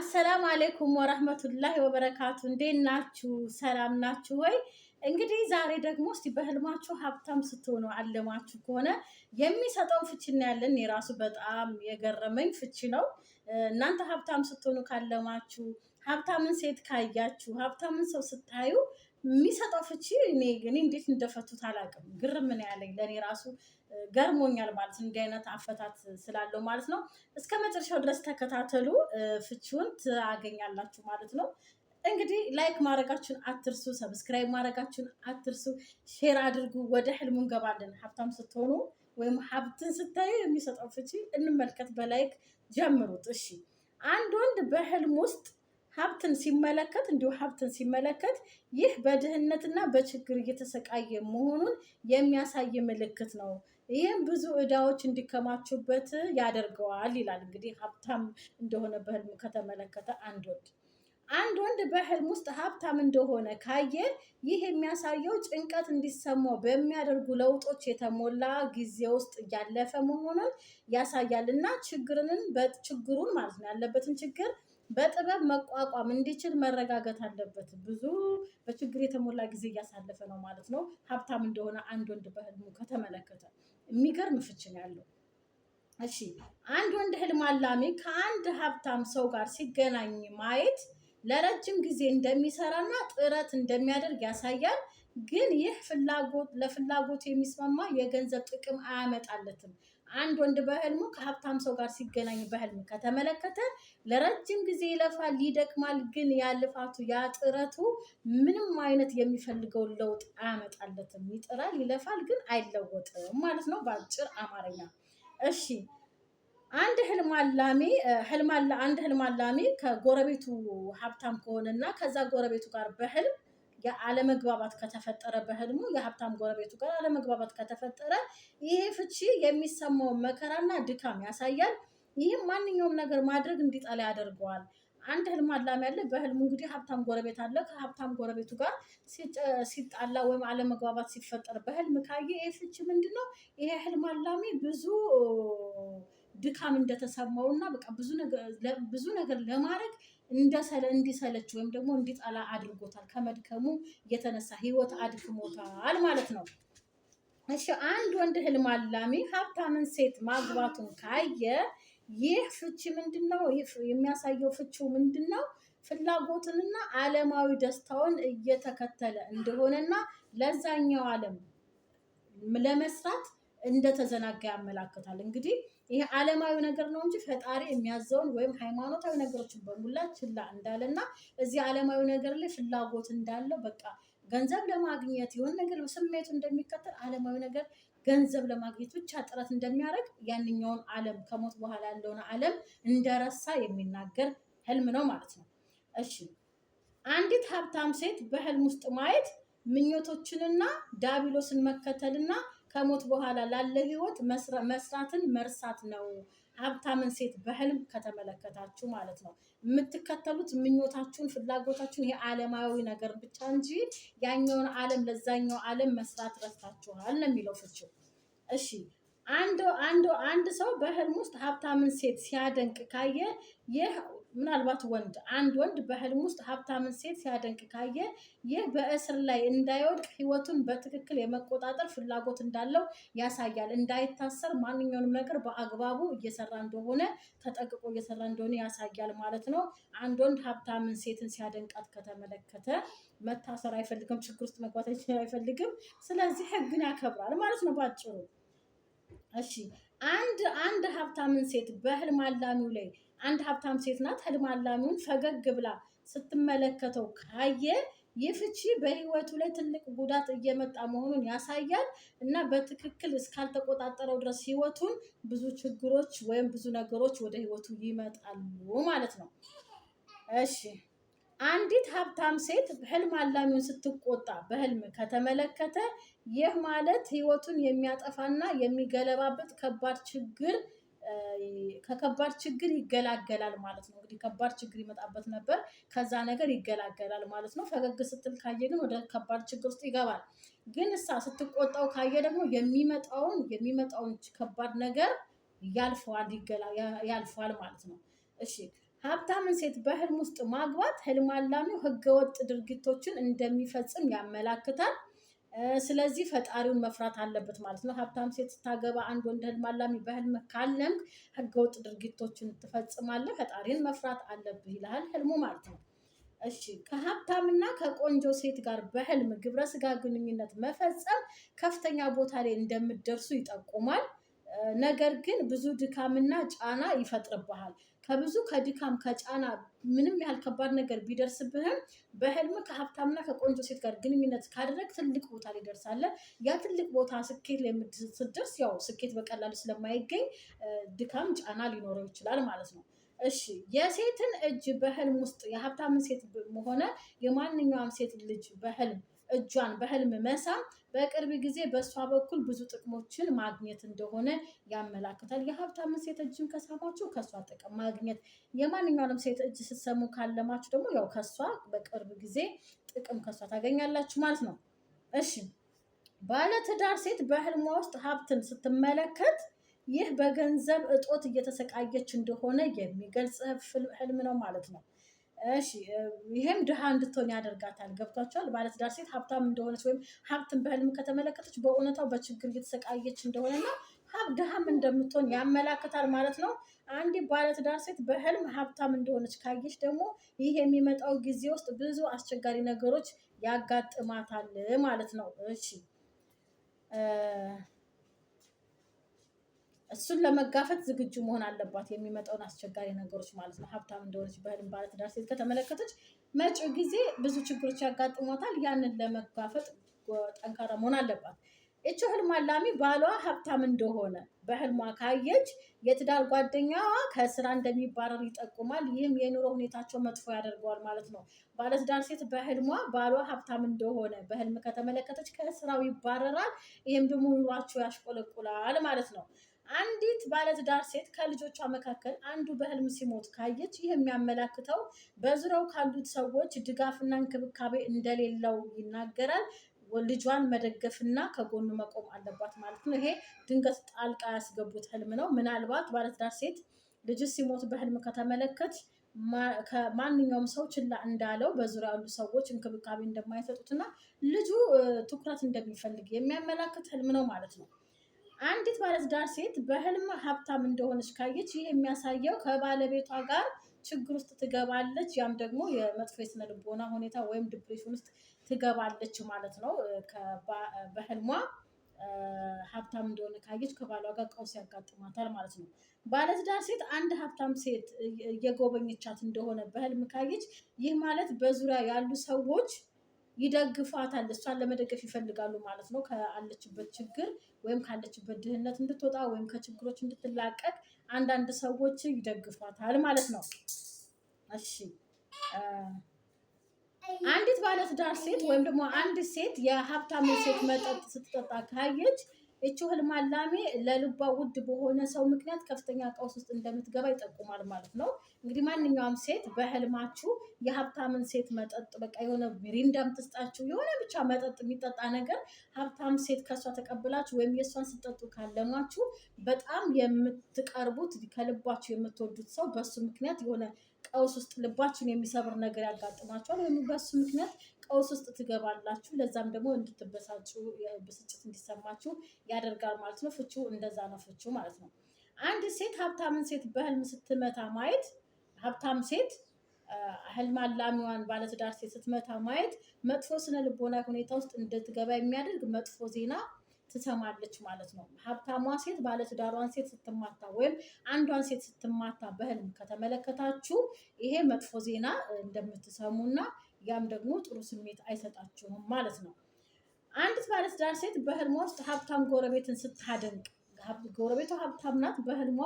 አሰላም አሌይኩም ወረህመቱላሂ ወበረካቱ። እንዴት ናችሁ? ሰላም ናችሁ ወይ? እንግዲህ ዛሬ ደግሞ እስኪ በህልማችሁ ሀብታም ስትሆኑ አለማችሁ ከሆነ የሚሰጠውን ፍቺ እናያለን። የራሱ በጣም የገረመኝ ፍቺ ነው። እናንተ ሀብታም ስትሆኑ ካለማችሁ፣ ሀብታምን ሴት ካያችሁ፣ ሀብታምን ሰው ስታዩ የሚሰጠው ፍቺ እኔ እኔ እንዴት እንደፈቱት አላውቅም። ግርም ነው ያለኝ ለእኔ ራሱ ገርሞኛል ማለት እንዲህ አይነት አፈታት ስላለው ማለት ነው። እስከ መጨረሻው ድረስ ተከታተሉ፣ ፍቺውን ታገኛላችሁ ማለት ነው። እንግዲህ ላይክ ማድረጋችሁን አትርሱ፣ ሰብስክራይብ ማድረጋችሁን አትርሱ፣ ሼር አድርጉ። ወደ ህልሙ እንገባለን። ሀብታም ስትሆኑ ወይም ሀብትን ስታዩ የሚሰጠው ፍቺ እንመልከት። በላይክ ጀምሩት። እሺ አንድ ወንድ በህልም ውስጥ ሀብትን ሲመለከት እንዲሁ ሀብትን ሲመለከት ይህ በድህነትና በችግር እየተሰቃየ መሆኑን የሚያሳይ ምልክት ነው። ይህም ብዙ እዳዎች እንዲከማቹበት ያደርገዋል ይላል። እንግዲህ ሀብታም እንደሆነ በህልሙ ከተመለከተ አንድ ወንድ አንድ ወንድ በህልም ውስጥ ሀብታም እንደሆነ ካየ ይህ የሚያሳየው ጭንቀት እንዲሰማው በሚያደርጉ ለውጦች የተሞላ ጊዜ ውስጥ እያለፈ መሆኑን ያሳያል እና ችግርንን በችግሩን ማለት ነው ያለበትን ችግር በጥበብ መቋቋም እንዲችል መረጋጋት አለበት። ብዙ በችግር የተሞላ ጊዜ እያሳለፈ ነው ማለት ነው። ሀብታም እንደሆነ አንድ ወንድ በህልሙ ከተመለከተ የሚገርም ፍች ነው ያለው። እሺ አንድ ወንድ ህልም አላሚ ከአንድ ሀብታም ሰው ጋር ሲገናኝ ማየት ለረጅም ጊዜ እንደሚሰራና ጥረት እንደሚያደርግ ያሳያል። ግን ይህ ፍላጎት ለፍላጎት የሚስማማ የገንዘብ ጥቅም አያመጣለትም። አንድ ወንድ በህልሙ ከሀብታም ሰው ጋር ሲገናኝ በህልም ከተመለከተ ለረጅም ጊዜ ይለፋል፣ ይደክማል። ግን ያልፋቱ ጥረቱ ምንም አይነት የሚፈልገው ለውጥ አያመጣለትም። ይጥራል፣ ይለፋል፣ ግን አይለወጥም ማለት ነው በአጭር አማርኛ። እሺ አንድ ህልም አላሚ ህልም አንድ ህልም ከጎረቤቱ ሀብታም ከሆነና ከዛ ጎረቤቱ ጋር በህልም አለመግባባት ከተፈጠረ በህልሙ የሀብታም ጎረቤቱ ጋር አለመግባባት ከተፈጠረ ይሄ ፍቺ የሚሰማውን መከራና ድካም ያሳያል። ይህም ማንኛውም ነገር ማድረግ እንዲጠላ ያደርገዋል። አንድ ህልም አላሚ ያለ በህልሙ እንግዲህ ሀብታም ጎረቤት አለ። ከሀብታም ጎረቤቱ ጋር ሲጣላ ወይም አለመግባባት ሲፈጠር በህልም ካየ ይህ ፍቺ ምንድን ነው? ይሄ ህልም አላሚ ብዙ ድካም እንደተሰማው እና በቃ ብዙ ነገር ለማድረግ እንዳሰለ እንዲሰለች ወይም ደግሞ እንዲጠላ አድርጎታል። ከመድከሙ የተነሳ ህይወት አድክሞታል ማለት ነው። እሺ አንድ ወንድ ህልም አላሚ ሀብታምን ሴት ማግባቱን ካየ ይህ ፍቺ ምንድን ነው? የሚያሳየው ፍቺው ምንድን ነው? ፍላጎትንና ዓለማዊ ደስታውን እየተከተለ እንደሆነና ለዛኛው ዓለም ለመስራት እንደተዘናጋ ያመላክታል። እንግዲህ ይሄ ዓለማዊ ነገር ነው እንጂ ፈጣሪ የሚያዘውን ወይም ሃይማኖታዊ ነገሮችን በሙላ ችላ እና እዚህ ዓለማዊ ነገር ላይ ፍላጎት እንዳለው በቃ ገንዘብ ለማግኘት የሆን ነገር ስሜቱ እንደሚከተል ዓለማዊ ነገር ገንዘብ ለማግኘት ብቻ ጥረት እንደሚያደርግ ያንኛውን ዓለም ከሞት በኋላ ያለውን ዓለም እንደረሳ የሚናገር ህልም ነው ማለት ነው። እሺ አንዲት ሀብታም ሴት በህልም ውስጥ ማየት ምኞቶችንና ዳቢሎስን መከተልና ከሞት በኋላ ላለ ህይወት መስራትን መርሳት ነው። ሀብታምን ሴት በህልም ከተመለከታችሁ ማለት ነው የምትከተሉት ምኞታችሁን፣ ፍላጎታችሁን የዓለማዊ ነገር ብቻ እንጂ ያኛውን ዓለም ለዛኛው ዓለም መስራት ረስታችኋል ነው የሚለው ፍቺው። እሺ አንድ አንድ አንድ ሰው በህልም ውስጥ ሀብታምን ሴት ሲያደንቅ ካየ ይህ ምናልባት ወንድ አንድ ወንድ በህልም ውስጥ ሀብታምን ሴት ሲያደንቅ ካየ ይህ በእስር ላይ እንዳይወድቅ ህይወቱን በትክክል የመቆጣጠር ፍላጎት እንዳለው ያሳያል። እንዳይታሰር ማንኛውንም ነገር በአግባቡ እየሰራ እንደሆነ ተጠቅቆ እየሰራ እንደሆነ ያሳያል ማለት ነው። አንድ ወንድ ሀብታምን ሴትን ሲያደንቃት ከተመለከተ መታሰር አይፈልግም፣ ችግር ውስጥ መግባት አይፈልግም። ስለዚህ ህግን ያከብራል ማለት ነው ባጭሩ። እሺ አንድ አንድ ሀብታምን ሴት በህልም አላሚው ላይ አንድ ሀብታም ሴት ናት። ህልም አላሚውን ፈገግ ብላ ስትመለከተው ካየ ይህ ፍቺ በህይወቱ ላይ ትልቅ ጉዳት እየመጣ መሆኑን ያሳያል እና በትክክል እስካልተቆጣጠረው ድረስ ህይወቱን ብዙ ችግሮች ወይም ብዙ ነገሮች ወደ ህይወቱ ይመጣሉ ማለት ነው። እሺ፣ አንዲት ሀብታም ሴት ህልም አላሚውን ስትቆጣ በህልም ከተመለከተ ይህ ማለት ህይወቱን የሚያጠፋና የሚገለባበት ከባድ ችግር ከከባድ ችግር ይገላገላል ማለት ነው። እንግዲህ ከባድ ችግር ይመጣበት ነበር፣ ከዛ ነገር ይገላገላል ማለት ነው። ፈገግ ስትል ካየ ግን ወደ ከባድ ችግር ውስጥ ይገባል። ግን እሳ ስትቆጣው ካየ ደግሞ የሚመጣውን የሚመጣውን ከባድ ነገር ያልፈዋል፣ ያልፈዋል ማለት ነው። እሺ ሀብታምን ሴት በህልም ውስጥ ማግባት ህልም አላሚው ህገወጥ ድርጊቶችን እንደሚፈጽም ያመላክታል። ስለዚህ ፈጣሪውን መፍራት አለበት ማለት ነው። ሀብታም ሴት ስታገባ አንድ ወንድ ህልም አላሚ በህልም ካለምክ ህገወጥ ድርጊቶችን ትፈጽማለህ፣ ፈጣሪን መፍራት አለብህ ይልሃል ህልሙ ማለት ነው። እሺ ከሀብታምና ከቆንጆ ሴት ጋር በህልም ግብረ ስጋ ግንኙነት መፈጸም ከፍተኛ ቦታ ላይ እንደምደርሱ ይጠቁማል። ነገር ግን ብዙ ድካምና ጫና ይፈጥርብሃል። ከብዙ ከድካም ከጫና ምንም ያህል ከባድ ነገር ቢደርስብህም በህልም ከሀብታምና ከቆንጆ ሴት ጋር ግንኙነት ካደረግ ትልቅ ቦታ ላይ ያ ትልቅ ቦታ ስኬት ስትደርስ ያው ስኬት በቀላሉ ስለማይገኝ ድካም ጫና ሊኖረው ይችላል ማለት ነው። እሺ የሴትን እጅ በህልም ውስጥ የሀብታምን ሴት ሆነ የማንኛውም ሴት ልጅ በህልም እጇን በህልም መሳም በቅርብ ጊዜ በእሷ በኩል ብዙ ጥቅሞችን ማግኘት እንደሆነ ያመላክታል። የሀብታም ሴት እጅን ከሳማችሁ ከእሷ ጥቅም ማግኘት፣ የማንኛውንም ሴት እጅ ስትሰሙ ካለማችሁ ደግሞ ያው ከእሷ በቅርብ ጊዜ ጥቅም ከእሷ ታገኛላችሁ ማለት ነው። እሺ ባለትዳር ሴት በህልሟ ውስጥ ሀብትን ስትመለከት ይህ በገንዘብ እጦት እየተሰቃየች እንደሆነ የሚገልጽ ህልም ነው ማለት ነው። እሺ ይሄም ድሃ እንድትሆን ያደርጋታል። ገብቷቸዋል። ባለትዳር ሴት ሀብታም እንደሆነች ወይም ሀብትን በህልም ከተመለከተች በእውነታው በችግር እየተሰቃየች እንደሆነና ሀብ ድሃም እንደምትሆን ያመላክታል ማለት ነው። አንዲት ባለትዳር ሴት በህልም ሀብታም እንደሆነች ካየች ደግሞ ይህ የሚመጣው ጊዜ ውስጥ ብዙ አስቸጋሪ ነገሮች ያጋጥማታል ማለት ነው። እሺ እሱን ለመጋፈጥ ዝግጁ መሆን አለባት፣ የሚመጣውን አስቸጋሪ ነገሮች ማለት ነው። ሀብታም እንደሆነች በህልም ባለትዳር ሴት ከተመለከተች መጪው ጊዜ ብዙ ችግሮች ያጋጥሟታል። ያንን ለመጋፈጥ ጠንካራ መሆን አለባት። ይቺ ህልም አላሚ ባሏ ሀብታም እንደሆነ በህልሟ ካየች የትዳር ጓደኛዋ ከስራ እንደሚባረር ይጠቁማል። ይህም የኑሮ ሁኔታቸው መጥፎ ያደርገዋል ማለት ነው። ባለትዳር ሴት በህልሟ ባሏ ሀብታም እንደሆነ በህልም ከተመለከተች ከስራው ይባረራል። ይህም ደግሞ ኑሯቸው ያሽቆለቁላል ማለት ነው። አንዲት ባለትዳር ሴት ከልጆቿ መካከል አንዱ በህልም ሲሞት ካየች ይህ የሚያመላክተው በዙሪያው ካሉት ሰዎች ድጋፍና እንክብካቤ እንደሌለው ይናገራል። ልጇን መደገፍና ከጎኑ መቆም አለባት ማለት ነው። ይሄ ድንገት ጣልቃ ያስገቡት ህልም ነው። ምናልባት ባለትዳር ሴት ልጅ ሲሞት በህልም ከተመለከት ከማንኛውም ሰው ችላ እንዳለው በዙሪያ ያሉ ሰዎች እንክብካቤ እንደማይሰጡትና ልጁ ትኩረት እንደሚፈልግ የሚያመላክት ህልም ነው ማለት ነው። አንዲት ባለትዳር ሴት በህልም ሀብታም እንደሆነች ካየች ይህ የሚያሳየው ከባለቤቷ ጋር ችግር ውስጥ ትገባለች። ያም ደግሞ የመጥፎ የስነ ልቦና ሁኔታ ወይም ዲፕሬሽን ውስጥ ትገባለች ማለት ነው። በህልሟ ሀብታም እንደሆነ ካየች ከባሏ ጋር ቀውስ ያጋጥማታል ማለት ነው። ባለትዳር ሴት አንድ ሀብታም ሴት እየጎበኘቻት እንደሆነ በህልም ካየች ይህ ማለት በዙሪያ ያሉ ሰዎች ይደግፏታል፣ እሷን ለመደገፍ ይፈልጋሉ ማለት ነው። ካለችበት ችግር ወይም ካለችበት ድህነት እንድትወጣ ወይም ከችግሮች እንድትላቀቅ አንዳንድ ሰዎች ይደግፏታል ማለት ነው። እሺ አንዲት ባለትዳር ሴት ወይም ደግሞ አንዲት ሴት የሀብታም ሴት መጠጥ ስትጠጣ ካየች እቹ ህልም አላሜ ለልቧ ውድ በሆነ ሰው ምክንያት ከፍተኛ ቀውስ ውስጥ እንደምትገባ ይጠቁማል ማለት ነው። እንግዲህ ማንኛውም ሴት በህልማችሁ የሀብታምን ሴት መጠጥ በቃ የሆነ ሚሪንዳ የምትስጣችሁ የሆነ ብቻ መጠጥ የሚጠጣ ነገር ሀብታም ሴት ከእሷ ተቀብላችሁ ወይም የእሷን ስጠጡ ካለማችሁ በጣም የምትቀርቡት ከልባችሁ የምትወዱት ሰው በሱ ምክንያት የሆነ ቀውስ ውስጥ ልባችሁን የሚሰብር ነገር ያጋጥማቸዋል ወይም በሱ ምክንያት ቀውስ ውስጥ ትገባላችሁ። ለዛም ደግሞ እንድትበሳጩ ብስጭት እንዲሰማችሁ ያደርጋል ማለት ነው። ፍቹ እንደዛ ነው። ፍቹ ማለት ነው አንድ ሴት ሀብታምን ሴት በህልም ስትመታ ማየት ሀብታም ሴት ህልም አላሚዋን ባለትዳር ሴት ስትመታ ማየት መጥፎ ስነ ልቦና ሁኔታ ውስጥ እንድትገባ የሚያደርግ መጥፎ ዜና ትሰማለች ማለት ነው። ሀብታሟ ሴት ባለትዳሯን ሴት ስትማታ ወይም አንዷን ሴት ስትማታ በህልም ከተመለከታችሁ ይሄ መጥፎ ዜና እንደምትሰሙና ያም ደግሞ ጥሩ ስሜት አይሰጣችሁም ማለት ነው። አንዲት ባለትዳር ሴት በህልሟ ውስጥ ሀብታም ጎረቤትን ስታደንቅ ጎረቤቷ ሀብታም ናት፣ በህልሟ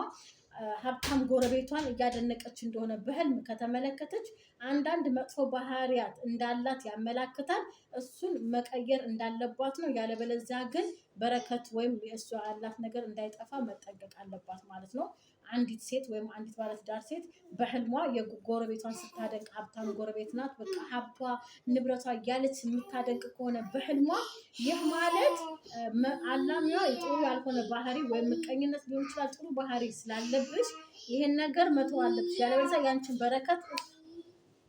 ሀብታም ጎረቤቷን እያደነቀች እንደሆነ በህልም ከተመለከተች አንዳንድ መጥፎ ባህሪያት እንዳላት ያመላክታል። እሱን መቀየር እንዳለባት ነው። ያለበለዚያ ግን በረከት ወይም የእሷ ያላት ነገር እንዳይጠፋ መጠንቀቅ አለባት ማለት ነው። አንዲት ሴት ወይም አንዲት ባለትዳር ሴት በህልሟ የጎረቤቷን ስታደንቅ ሀብታም ጎረቤት ናት፣ በቃ ሀብቷ ንብረቷ እያለች የምታደንቅ ከሆነ በህልሟ ይህ ማለት አላሚዋ ጥሩ ያልሆነ ባህሪ ወይም ምቀኝነት ሊሆን ይችላል። ጥሩ ባህሪ ስላለብሽ ይህን ነገር መተው አለብሽ፣ ያለበዛ ያንችን በረከት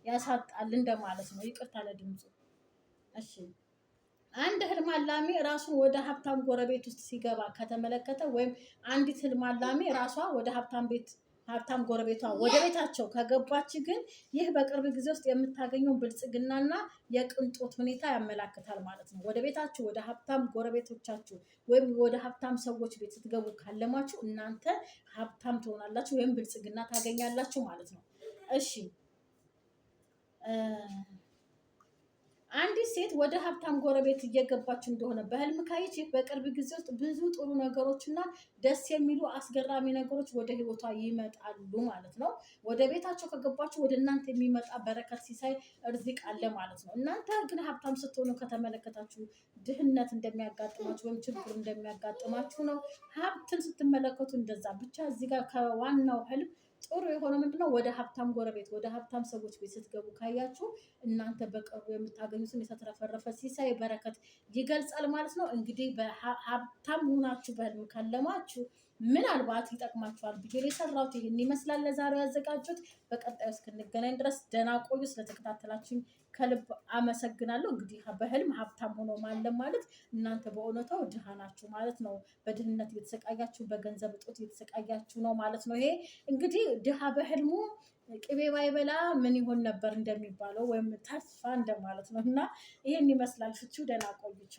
ያሳጣል እንደማለት ነው። ይቅርታ ለድምፁ። እሺ አንድ ህልም አላሚ ራሱን ወደ ሀብታም ጎረቤት ውስጥ ሲገባ ከተመለከተ ወይም አንዲት ህልም አላሚ ራሷ ወደ ሀብታም ቤት ሀብታም ጎረቤቷ ወደ ቤታቸው ከገባች ግን ይህ በቅርብ ጊዜ ውስጥ የምታገኘውን ብልጽግናና የቅንጦት ሁኔታ ያመላክታል ማለት ነው። ወደ ቤታችሁ ወደ ሀብታም ጎረቤቶቻችሁ ወይም ወደ ሀብታም ሰዎች ቤት ስትገቡ ካለማችሁ እናንተ ሀብታም ትሆናላችሁ ወይም ብልጽግና ታገኛላችሁ ማለት ነው። እሺ አንዲት ሴት ወደ ሀብታም ጎረቤት እየገባች እንደሆነ በህልም ካየች በቅርብ ጊዜ ውስጥ ብዙ ጥሩ ነገሮችና ደስ የሚሉ አስገራሚ ነገሮች ወደ ህይወቷ ይመጣሉ ማለት ነው። ወደ ቤታቸው ከገባችሁ ወደ እናንተ የሚመጣ በረከት፣ ሲሳይ፣ እርዚቅ አለ ማለት ነው። እናንተ ግን ሀብታም ስትሆኑ ከተመለከታችሁ ድህነት እንደሚያጋጥማችሁ ወይም ችግር እንደሚያጋጥማችሁ ነው። ሀብትን ስትመለከቱ እንደዛ ብቻ እዚህ ጋር ከዋናው ህልም ጥሩ የሆነ ምንድነው ወደ ሀብታም ጎረቤት ወደ ሀብታም ሰዎች ቤት ስትገቡ ካያችሁ እናንተ በቀሩ የምታገኙትን የተትረፈረፈ ሲሳይ በረከት ይገልጻል ማለት ነው። እንግዲህ በሀብታም ሆናችሁ በህልም ካለማችሁ ምናልባት ይጠቅማችኋል ብዬ የሰራሁት ይህን ይመስላል። ለዛሬው ያዘጋጁት። በቀጣዩ እስክንገናኝ ድረስ ደህና ቆዩ። ስለተከታተላችሁኝ ከልብ አመሰግናለሁ። እንግዲህ በህልም ሀብታም ሆኖ ማለም ማለት እናንተ በእውነታው ድሃ ናችሁ ማለት ነው። በድህነት እየተሰቃያችሁ፣ በገንዘብ እጦት እየተሰቃያችሁ ነው ማለት ነው። ይሄ እንግዲህ ድሃ በህልሙ ቅቤ ባይበላ ምን ይሆን ነበር እንደሚባለው ወይም ተስፋ እንደማለት ነው እና ይህን ይመስላል ፍቺው። ደህና ቆዩ።